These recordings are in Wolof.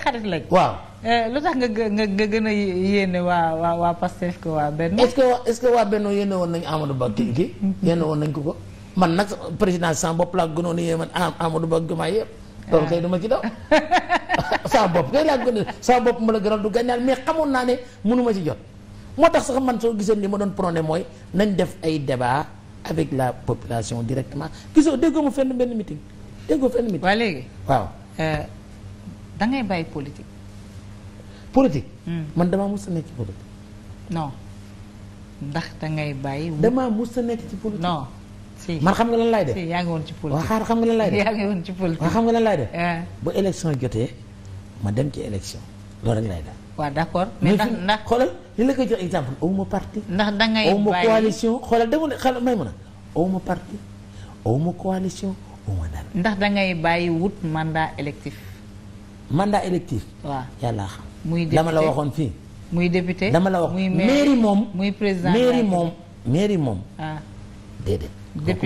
xarit lañ. waaw eh, lu tax nga nga nga gën a yéene waa waa waa Pastef ko waa Benno. est-ce ce que waa Benno yéene woon nañ Amadou Ba kii kii. yéene woon nañ ko ko man nag président sans bopp laa gënoon a yéeme Amadou Ba Diomaye yëpp. loolu kay duma ci daw saa bopp kay laa gën a saa bopp ma la gënal du gànnaar mais xamoon naa ne mënuma ci jot. moo tax sax man soo gisee li ma doon prôné mooy nañ def ay débat avec la population directement gisoo déggoo ma fenn benn meeting da ngay bàyyi politique. politique. Hmm. man damaa mos a nekk ci politique. non ndax da ngay bàyyi. damaa mos a nekk ci politique. non si man xam nga lan laay def si yaa ngi woon ci politique. waaw xaar xam nga lan laay def yaa ngi woon xam nga lan laay def. Eh. bu élection jotee ma dem ci élection loolu rek laay def. waaw d'accord mais ndax ndax xoolal li la koy jox exemple awma parti. ndax da ngay bàyyi awma coalition xoolal demul xel may mën a awma parti awma coalition awma dara. ndax da ngay bàyyi wut mandat électif. mandat électif. waaw yàlla xam. muy député dama la waxoon fii. muy député dama la wax mairie moom. muy président mairie moom mairie moom. ah déedéet.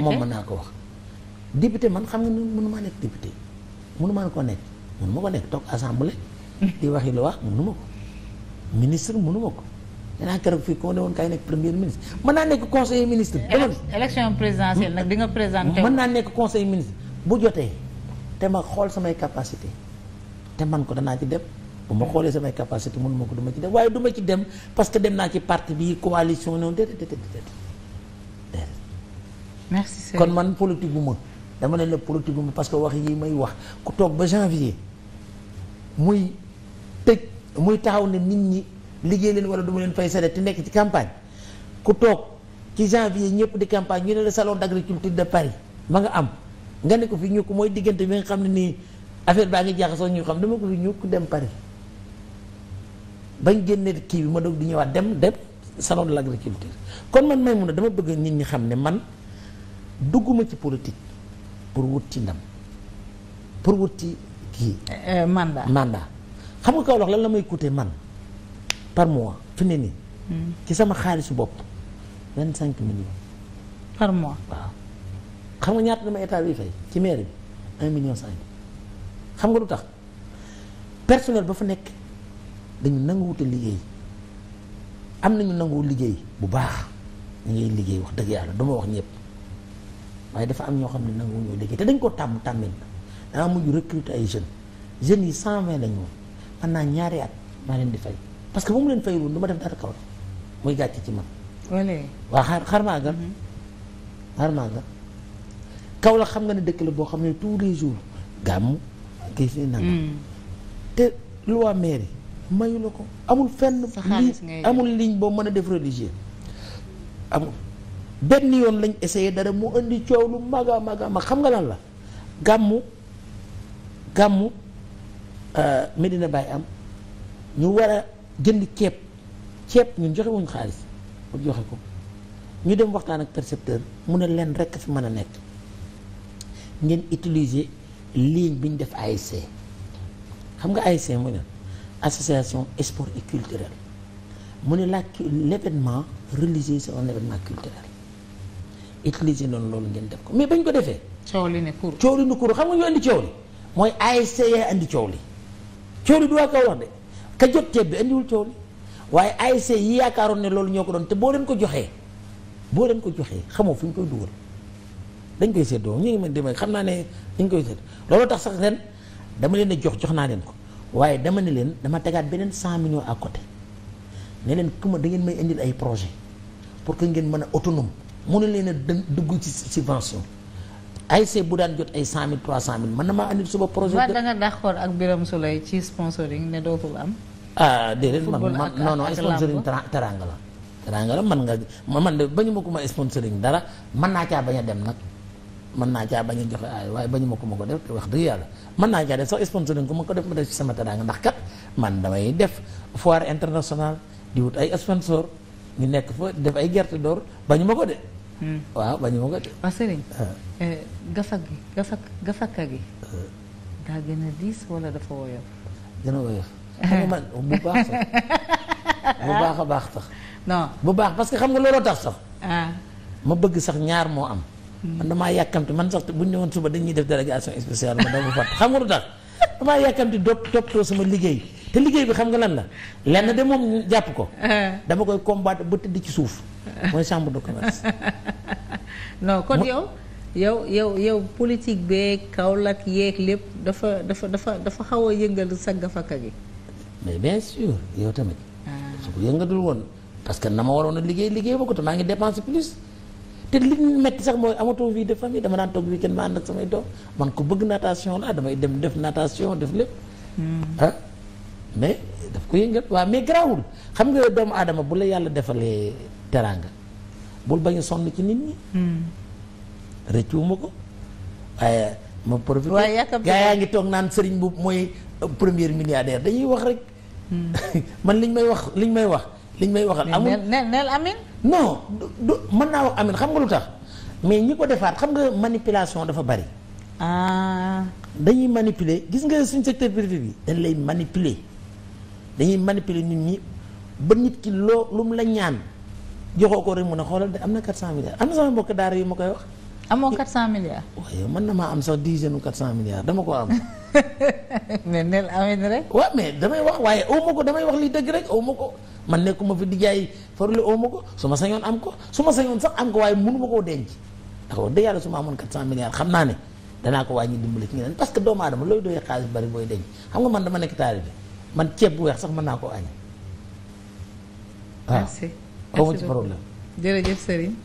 moom mën naa ko wax. député man xam nga mënumaa nekk député mënumaa ko nekk mënuma ko nekk toog assemblée. di waxi lu wax mënuma ko. ministre mënuma ko. danaa keroog fii ko ne woon kay nekk premier ministre mën naa nekk conseiller ministre. demoon élection présidentielle nag di nga présenté. naa nekk conseiller ministre bu jotee te ma xool samay capacité te man ko danaa ci dem bu ma xoolee samay capacité mënu ma ko duma ci dem waaye duma ci dem parce que dem naa ci parti bi coalition noonu déedéet déedéet déedéet merci kon man politique bu ma dama ne la politique bu ma parce que wax yi may wax ku toog ba janvier muy tëj muy taxaw ne nit ñi liggéey leen wala du ma leen fay sare te nekk ci campagne ku toog ci janvier ñëpp di campagne ñu ne la salon d'agriculture de Paris ma nga am nga ne ko fi ñu ko mooy diggante bi nga xam ne nii affaire baa ngi jaaxasoo ñu xam dama ko fi ko dem Paris bañ génne kii bi ma doog di ñëwaat dem dem salon de l' agriculture kon man may mun a dama bëgg nit ñi xam ne man dugguma ci politique pour wut ci ndam pour wut ci kii. Euh, euh, mandat mandat xam nga Kaolack lan la may coûter man par mois fi nii. Hmm. ci sama xaalisu bopp vingt cinq millions. par mois waaw xam nga ñaata dama état bi fay ci mairie bi un million cinq. xam nga lu tax personnel ba fu nekk dañu nanguwut liggéey am nañu nanguwul liggéey bu baax ñu ngay liggéey wax dëgg yàlla duma wax ñëpp waaye dafa am ñoo xam ne nanguwuñoo liggéey te dañ ko tàmm tàmmin danaa mujj recruter ay jeunes jeunes yi cent vingt lañ moom man naa ñaari at maa leen di fay parce que ba mu leen fayul woon du ma def dara kaw la muy gàcce ci man. waaw xaar xaar maa nga mm-hmm. xaar maa nga kaw la xam nga ne dëkk la boo xam ne tous les jours gàmm kiis li nangam hmm. te loi mairie mayu ko amul fenn li amul ligne boo mën a def religieux amul benn yoon lañ essayé dara mu indi coow lu mag a mag a mag xam nga lan la gàmmu gàmmu euh, Medina Baye am ñu war a jënd ceeb ceeb ñu joxe wuñ xaalis pour joxe ko ñu dem waxtaan ak percepteur mu ne leen rekk fi mën a nekk ngeen utiliser lii bi ñu def ay ASC xam nga ASC mu ne association sport et culturelle mu ne la l'événement religieux c'est un événement culturel utiliser noonu loolu ngeen def ko mais bañ ko defee. coow li ne kuur coow li ne xam nga ñu andi coow li mooy ASC yaa indi coow li coow du waa kaw wax de ka jot ceeb bi indiwul coow waaye ay ASC yi yaakaaroon ne loolu ñoo ko doon te boo leen ko joxee boo leen ko joxee xamoo fu ñu koy dugal. dañ koy séddoo ñu ngi mën dema xam naa ne dañ koy séddoo looloo tax sax ren dama leen a jox jox naa leen ko waaye dama ne leen dama tegaat beneen cent millions à côté ne leen ku ma da ngeen may indil ay projet pour que ngeen mën a autonome mënu leen a dugg ci subvention ASC bu daan jot ay cent mille trois cent mille mën na maa indil suba projet. waaw da xool ak Birame Souleye ci sponsoring ne dootul am. ah déedéet man man non non sponsoring teranga la teranga la man nga man man de bañu ma ko ma sponsoring dara mën naa caa bañ a dem nag. mën naa caa bañ a joxe aay waaye bañu ma ko ma ko def wax dëgg yàlla mën naa caa def sax sponsoring ko ma ko def ma def ci sama teraanga ndax kat man damay def foire internationale di wut ay sponsor ñu nekk fa def ay gerte door bañu ma ko de hmm. waaw bañu ma ko de waaw sëriñ ah. eh, gi a diis wala dafa woyof gën a woyof bu baax sax bu baax a baax sax bu baax parce que xam nga looloo tax sax ah. ma bëgg sax ñaar moo am man damaa yàkkamti man sax bu ñu ne woon suba dañuy def délégation spéciale man dama fàtt xam nga lu tax damaa yàkkamti dop toppatoo sama liggéey te liggéey bi xam nga lan la lenn de moom jàpp ko dama koy combattre ba tëdd ci suuf mooy chambre de commerce non kon yow yow yow yow politique kaw Kaolack yeeg lépp dafa dafa dafa dafa xaw a yëngal sa gafaka gi mais bien sûr yow tamit ah. su ko yëngatul woon parce na ma waroon a liggéey liggéey ba ko te maa ngi te li mu metti sax mooy amatoo vie famille dama daan toog weekend ma ànd ak samay doom man ko bëgg natation laa damay dem def natation def lépp. Hmm. ah mais daf ko yëngal waaw mais garaawul xam nga doomu aadama bu la yàlla defalee teraanga bul bañ sonn ci nit ñi. Hmm. rëccuwuma ko waaye ma profité. waaye yaakaar gaa yaa ngi toog naan sëriñ bu mooy premier milliardaire dañuy wax rek. Hmm. man liñ may wax liñ may wax. liñ may waxal. amul neel neel amin. non du mën naa wax amin xam nga lu tax mais ñi ko defaat xam nga manipulation dafa bari. ah. dañuy manipuler gis nga suñ secteur privé bi dañ lay manipuler dañuy manipule nit ñi ba nit ki loo lu mu la ñaan joxoo ko rek mun a xoolal de am na 400 milliards am na sama mbokk daara yu ma koy wax. amoo 400 milliards. waaye mën na maa am sax dizaine ou 400 milliards dama ko am. mais neel amin rek. waaw mais damay wax waaye aw damay wax li dëgg aw ma ko. man nekkuma fi di jaay farlu ooma ko su ma sañoon am ko su ma sañoon sax am ko waaye mënu ma koo denc ndax wax dëgg yàlla su ma amoon 400 milliards xam naa ne danaa ko wàññi dimbali ci ñeneen parce que doomu aadama looy doyee xaalis bari booy denc xam nga man dama nekk taalibe man ceeb bu weex sax mën naa koo añ waaw merci aw ma ci problème